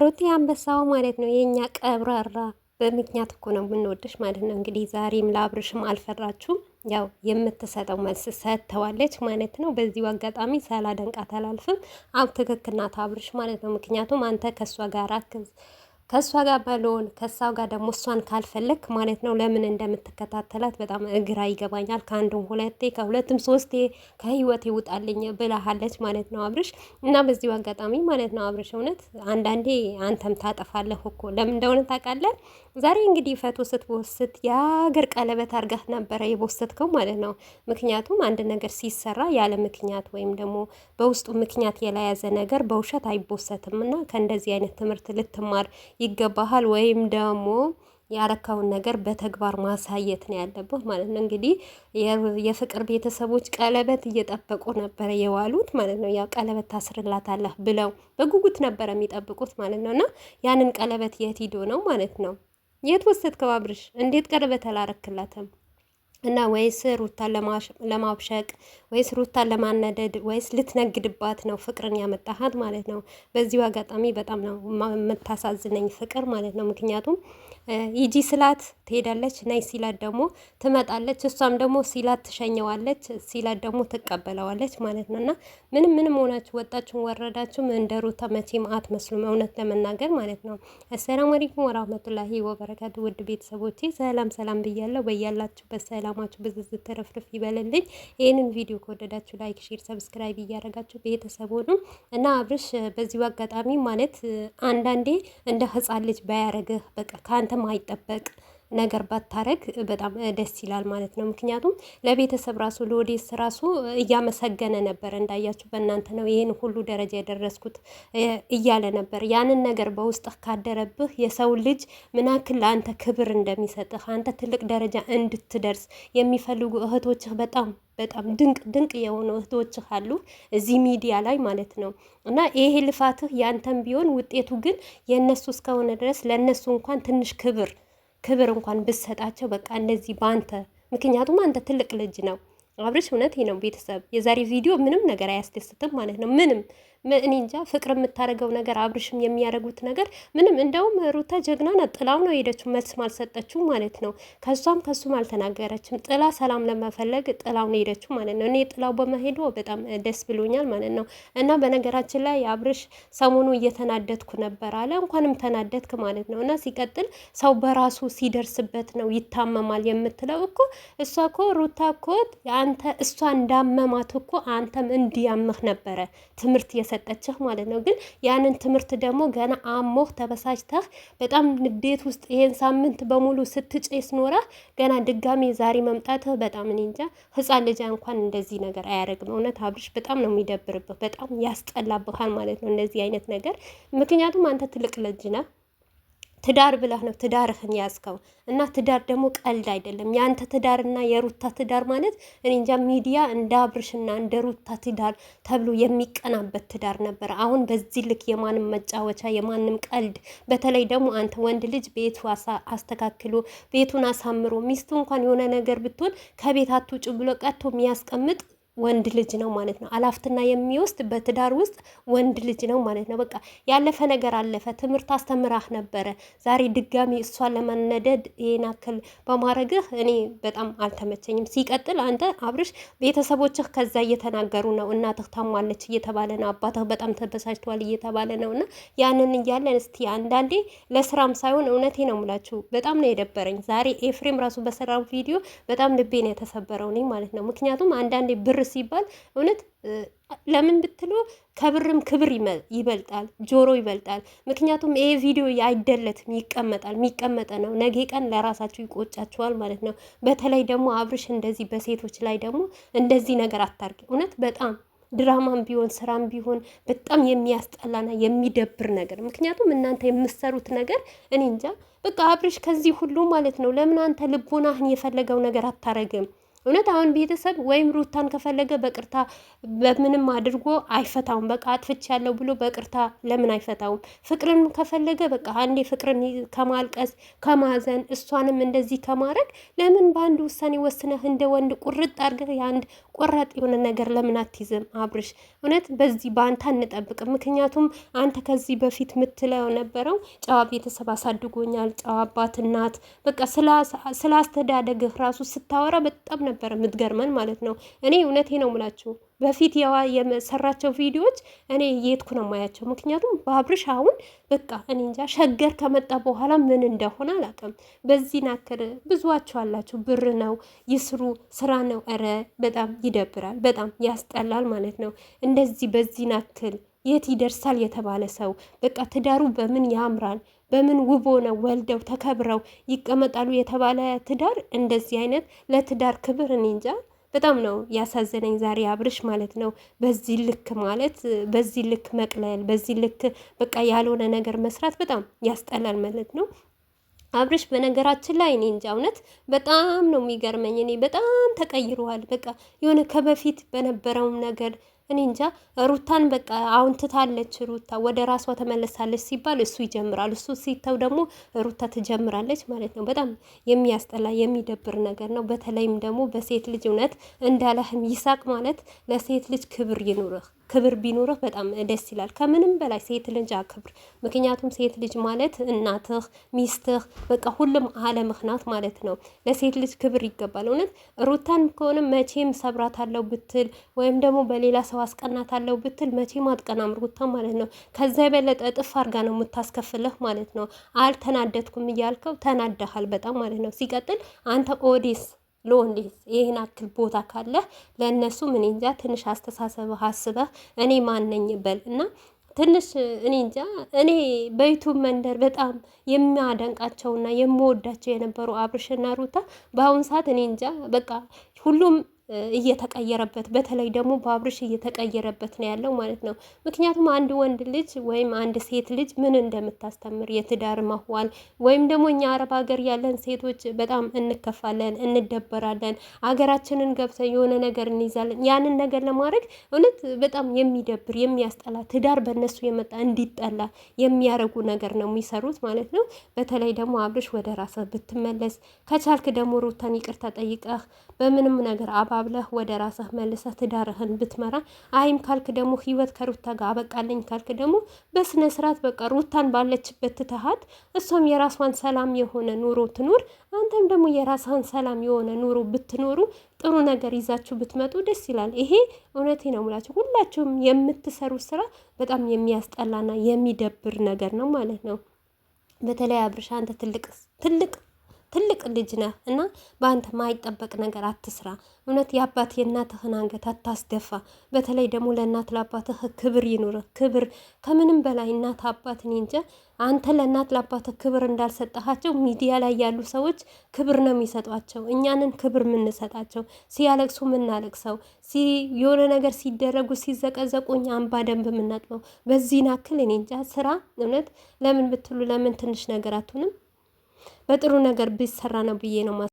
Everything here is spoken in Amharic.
ሩቲ አንበሳው ማለት ነው የእኛ ቀብራራ። በምክንያት እኮ ነው የምንወደሽ ማለት ነው። እንግዲህ ዛሬም ለአብርሽም አልፈራችሁም። ያው የምትሰጠው መልስ ሰጥተዋለች ማለት ነው። በዚሁ አጋጣሚ ሳላደንቃት አላልፍም። አብ ትክክል ናት አብርሽ ማለት ነው። ምክንያቱም አንተ ከእሷ ጋር አክዝ ከእሷ ጋር ባለውን ከእሳው ጋር ደግሞ እሷን ካልፈለግ ማለት ነው ለምን እንደምትከታተላት በጣም እግራ ይገባኛል። ከአንዱም ሁለቴ ከሁለትም ሶስቴ ከህይወት ይውጣልኝ ብላሃለች ማለት ነው አብርሽ እና በዚሁ አጋጣሚ ማለት ነው አብርሽ እውነት አንዳንዴ አንተም ታጠፋለህ እኮ ለምን እንደሆነ ታውቃለህ። ዛሬ እንግዲህ ፈቶ ስትቦስት የሀገር ቀለበት አድርጋት ነበረ የቦሰትከው ማለት ነው። ምክንያቱም አንድ ነገር ሲሰራ ያለ ምክንያት ወይም ደግሞ በውስጡ ምክንያት የለያዘ ነገር በውሸት አይቦሰትም እና ከእንደዚህ አይነት ትምህርት ልትማር ይገባሃል ወይም ደግሞ ያረካውን ነገር በተግባር ማሳየት ነው ያለብህ ማለት ነው። እንግዲህ የፍቅር ቤተሰቦች ቀለበት እየጠበቁ ነበረ የዋሉት ማለት ነው። ያው ቀለበት ታስርላታለህ ብለው በጉጉት ነበረ የሚጠብቁት ማለት ነው። እና ያንን ቀለበት የት ሂዶ ነው ማለት ነው? የት ወሰድከው አብርሽ? እንዴት ቀለበት አላረክላትም? እና ወይስ ሩታን ለማብሸቅ ወይስ ሩታን ለማነደድ ወይስ ልትነግድባት ነው ፍቅርን ያመጣሃት ማለት ነው። በዚሁ አጋጣሚ በጣም ነው የምታሳዝነኝ ፍቅር ማለት ነው። ምክንያቱም ሂጂ ስላት ትሄዳለች፣ ናይ ሲላት ደግሞ ትመጣለች። እሷም ደግሞ ሲላት ትሸኘዋለች፣ ሲላት ደግሞ ትቀበለዋለች ማለት ነው። እና ምንም ምንም ሆናችሁ ወጣችሁን ወረዳችሁም እንደ ሩታ መቼም አትመስሉም፣ እውነት ለመናገር ማለት ነው። አሰላሙ አለይኩም ወራህመቱላሂ ወበረካቱ። ውድ ቤተሰቦች ሰላም ሰላም ብያለሁ። በያላችሁበት ሰላማችሁ ብዝዝ ትረፍርፍ ይበልልኝ። ይህንን ቪዲዮ ከወደዳችሁ ላይክ፣ ሼር፣ ሰብስክራይብ እያደረጋችሁ ቤተሰብ ሆኑ እና አብርሽ በዚሁ አጋጣሚ ማለት አንዳንዴ እንደ ህፃን ልጅ ባያረግህ በቃ ከአንተ ከማይጠበቅ ነገር ባታረግ በጣም ደስ ይላል ማለት ነው። ምክንያቱም ለቤተሰብ ራሱ ለወዴስ ራሱ እያመሰገነ ነበር። እንዳያችሁ በእናንተ ነው ይህን ሁሉ ደረጃ የደረስኩት እያለ ነበር። ያንን ነገር በውስጥህ ካደረብህ የሰው ልጅ ምናክል ለአንተ ክብር እንደሚሰጥህ አንተ ትልቅ ደረጃ እንድትደርስ የሚፈልጉ እህቶችህ በጣም በጣም ድንቅ ድንቅ የሆኑ እህቶችህ አሉ እዚህ ሚዲያ ላይ ማለት ነው። እና ይሄ ልፋትህ ያንተም ቢሆን ውጤቱ ግን የእነሱ እስከሆነ ድረስ ለእነሱ እንኳን ትንሽ ክብር ክብር እንኳን ብሰጣቸው በቃ እንደዚህ በአንተ ምክንያቱም አንተ ትልቅ ልጅ ነው አብርሽ። እውነት ነው ቤተሰብ የዛሬ ቪዲዮ ምንም ነገር አያስደስትም ማለት ነው ምንም እኔ እንጃ ፍቅር የምታደርገው ነገር አብርሽም የሚያደርጉት ነገር ምንም እንደውም ሩታ ጀግና ናት። ጥላው ነው የሄደችው፣ መልስ አልሰጠችው ማለት ነው። ከሷም ከሱም አልተናገረችም። ጥላ ሰላም ለመፈለግ ጥላው ነው የሄደችው ማለት ነው። እኔ ጥላው በመሄዱ በጣም ደስ ብሎኛል ማለት ነው። እና በነገራችን ላይ አብርሽ ሰሞኑ እየተናደድኩ ነበር አለ። እንኳንም ተናደድክ ማለት ነው። እና ሲቀጥል ሰው በራሱ ሲደርስበት ነው ይታመማል የምትለው እኮ እሷ እኮ ሩታ እኮ አንተ እሷ እንዳመማት እኮ አንተም እንዲያምህ ነበረ ትምህርት የሰጠችህ ማለት ነው። ግን ያንን ትምህርት ደግሞ ገና አሞህ ተበሳጭተህ በጣም ንዴት ውስጥ ይሄን ሳምንት በሙሉ ስትጭስ ኖረህ ገና ድጋሚ ዛሬ መምጣትህ በጣም እኔ እንጃ። ህፃን ልጅ እንኳን እንደዚህ ነገር አያደርግም። እውነት አብርሽ በጣም ነው የሚደብርብህ፣ በጣም ያስጠላብሃል ማለት ነው እንደዚህ አይነት ነገር። ምክንያቱም አንተ ትልቅ ልጅ ነህ። ትዳር ብለህ ነው ትዳርህን ያዝከው እና ትዳር ደግሞ ቀልድ አይደለም። የአንተ ትዳርና የሩታ ትዳር ማለት እኔ እንጃ ሚዲያ እንደ አብርሽና እንደ ሩታ ትዳር ተብሎ የሚቀናበት ትዳር ነበር። አሁን በዚህ ልክ የማንም መጫወቻ የማንም ቀልድ፣ በተለይ ደግሞ አንተ ወንድ ልጅ ቤቱ አስተካክሎ ቤቱን አሳምሮ ሚስቱ እንኳን የሆነ ነገር ብትሆን ከቤት አትውጭ ብሎ ቀጥቶ የሚያስቀምጥ ወንድ ልጅ ነው ማለት ነው። አላፍትና የሚወስድ በትዳር ውስጥ ወንድ ልጅ ነው ማለት ነው። በቃ ያለፈ ነገር አለፈ። ትምህርት አስተምራህ ነበረ። ዛሬ ድጋሚ እሷን ለመነደድ ይሄን ያክል በማድረግህ እኔ በጣም አልተመቸኝም። ሲቀጥል አንተ አብርሽ፣ ቤተሰቦችህ ከዛ እየተናገሩ ነው። እናትህ ታሟለች እየተባለ ነው። አባትህ በጣም ተበሳጭቷል እየተባለ ነው። እና ያንን እያለን እስቲ አንዳንዴ ለስራም ሳይሆን እውነቴ ነው ምላችሁ በጣም ነው የደበረኝ ዛሬ ኤፍሬም ራሱ በሰራው ቪዲዮ በጣም ልቤን የተሰበረው ማለት ነው። ምክንያቱም አንዳንዴ ብር ሲባል እውነት ለምን ብትሎ ከብርም ክብር ይበልጣል፣ ጆሮ ይበልጣል። ምክንያቱም ይሄ ቪዲዮ አይደለትም፣ ይቀመጣል። የሚቀመጠ ነው። ነገ ቀን ለራሳችሁ ይቆጫችኋል ማለት ነው። በተለይ ደግሞ አብርሽ እንደዚህ በሴቶች ላይ ደግሞ እንደዚህ ነገር አታርጊ። እውነት በጣም ድራማም ቢሆን ስራም ቢሆን በጣም የሚያስጠላና የሚደብር ነገር። ምክንያቱም እናንተ የምትሰሩት ነገር እኔ እንጃ። በቃ አብርሽ ከዚህ ሁሉ ማለት ነው ለምን አንተ ልቦናህን የፈለገው ነገር አታረግም? እውነት አሁን ቤተሰብ ወይም ሩታን ከፈለገ በቅርታ በምንም አድርጎ አይፈታውም። በቃ አጥፍች ያለው ብሎ በቅርታ ለምን አይፈታውም? ፍቅርን ከፈለገ በቃ አንዴ ፍቅርን ከማልቀስ ከማዘን፣ እሷንም እንደዚህ ከማድረግ ለምን በአንድ ውሳኔ ወስነህ እንደ ወንድ ቁርጥ አድርገህ የአንድ ቆራጥ የሆነ ነገር ለምን አትይዝም? አብርሽ እውነት በዚህ በአንተ አንጠብቅም። ምክንያቱም አንተ ከዚህ በፊት ምትለው ነበረው ጨዋ ቤተሰብ አሳድጎኛል፣ ጨዋ አባት እናት፣ በቃ ስላስተዳደግህ ራሱ ስታወራ በጣም ነበር የምትገርመን ማለት ነው። እኔ እውነቴ ነው ምላችሁ በፊት የዋ የሰራቸው ቪዲዮዎች እኔ የትኩ ነው ማያቸው። ምክንያቱም በአብርሽ አሁን በቃ እኔ እንጃ ሸገር ከመጣ በኋላ ምን እንደሆነ አላውቅም። በዚህ ናክል ብዙዋቸው አላቸው ብር ነው ይስሩ፣ ስራ ነው። ኧረ በጣም ይደብራል፣ በጣም ያስጠላል ማለት ነው። እንደዚህ በዚህ ናክል የት ይደርሳል የተባለ ሰው በቃ ትዳሩ በምን ያምራል በምን ውቦ ነው ወልደው ተከብረው ይቀመጣሉ የተባለ ትዳር እንደዚህ አይነት ለትዳር ክብር እኔ እንጃ በጣም ነው ያሳዘነኝ ዛሬ አብርሽ ማለት ነው። በዚህ ልክ ማለት በዚህ ልክ መቅለል፣ በዚህ ልክ በቃ ያልሆነ ነገር መስራት በጣም ያስጠላል ማለት ነው። አብርሽ በነገራችን ላይ እኔ እንጃ እውነት በጣም ነው የሚገርመኝ። እኔ በጣም ተቀይረዋል በቃ የሆነ ከበፊት በነበረውም ነገር እኔ እንጃ። ሩታን በቃ አሁን ትታለች፣ ሩታ ወደ ራሷ ተመለሳለች ሲባል እሱ ይጀምራል፣ እሱ ሲተው ደግሞ ሩታ ትጀምራለች ማለት ነው። በጣም የሚያስጠላ የሚደብር ነገር ነው። በተለይም ደግሞ በሴት ልጅ እውነት እንዳለህም ይሳቅ ማለት ለሴት ልጅ ክብር ይኑርህ። ክብር ቢኖርህ በጣም ደስ ይላል። ከምንም በላይ ሴት ልጅ አክብር። ምክንያቱም ሴት ልጅ ማለት እናትህ፣ ሚስትህ፣ በቃ ሁሉም አለምህ ናት ማለት ነው። ለሴት ልጅ ክብር ይገባል። እውነት ሩታን ከሆነ መቼም ሰብራት አለው ብትል ወይም ደግሞ በሌላ ሰው አስቀናት አለው ብትል መቼም አትቀናም ሩታ ማለት ነው። ከዛ የበለጠ እጥፍ አድርጋ ነው የምታስከፍልህ ማለት ነው። አልተናደድኩም እያልከው ተናደሃል በጣም ማለት ነው። ሲቀጥል አንተ ኦዲስ ለወንድ ይህን አክል ቦታ ካለ ለእነሱ ምን እንጃ ትንሽ አስተሳሰብ አስበህ እኔ ማነኝ በል እና ትንሽ እኔ እንጃ እኔ በዩቱብ መንደር በጣም የሚያደንቃቸውና የምወዳቸው የነበሩ አብርሽና ሩታ በአሁን ሰዓት እኔ እንጃ በቃ ሁሉም እየተቀየረበት በተለይ ደግሞ በአብርሽ እየተቀየረበት ነው ያለው ማለት ነው። ምክንያቱም አንድ ወንድ ልጅ ወይም አንድ ሴት ልጅ ምን እንደምታስተምር የትዳር ማዋል ወይም ደግሞ እኛ አረብ ሀገር ያለን ሴቶች በጣም እንከፋለን፣ እንደበራለን። አገራችንን ገብተን የሆነ ነገር እንይዛለን። ያንን ነገር ለማድረግ እውነት በጣም የሚደብር የሚያስጠላ ትዳር በእነሱ የመጣ እንዲጠላ የሚያረጉ ነገር ነው የሚሰሩት ማለት ነው። በተለይ ደግሞ አብርሽ ወደ ራስህ ብትመለስ ከቻልክ ደግሞ ሩታን ይቅርታ ጠይቀህ በምንም ነገር አባ ተባብለህ ወደ ራስህ መልሰህ ትዳርህን ብትመራ፣ አይም ካልክ ደግሞ ህይወት ከሩታ ጋር አበቃለኝ ካልክ ደግሞ በስነ ስርዓት በቃ ሩታን ባለችበት ትተሃት እሷም የራሷን ሰላም የሆነ ኑሮ ትኑር፣ አንተም ደግሞ የራስህን ሰላም የሆነ ኑሮ ብትኖሩ ጥሩ ነገር ይዛችሁ ብትመጡ ደስ ይላል። ይሄ እውነቴ ነው ሙላችሁ። ሁላችሁም የምትሰሩት ስራ በጣም የሚያስጠላና የሚደብር ነገር ነው ማለት ነው። በተለይ አብርሻ አንተ ትልቅ ትልቅ ትልቅ ልጅ ነህ እና በአንተ ማይጠበቅ ነገር አትስራ። እውነት የአባት የእናትህን አንገት አታስደፋ። በተለይ ደግሞ ለእናት ለአባትህ ክብር ይኑርህ። ክብር ከምንም በላይ እናት አባትን እኔ አንተ ለእናት ለአባትህ ክብር እንዳልሰጠሃቸው ሚዲያ ላይ ያሉ ሰዎች ክብር ነው የሚሰጧቸው። እኛንን ክብር የምንሰጣቸው ሲያለቅሱ የምናለቅሰው፣ የሆነ ነገር ሲደረጉ ሲዘቀዘቁ እኛ አንባ ደንብ የምናጥበው በዚህ ናክል እኔ እንጃ ስራ እውነት ለምን ብትሉ ለምን ትንሽ ነገር አትሆንም? በጥሩ ነገር ቢሰራ ነው ብዬ ነው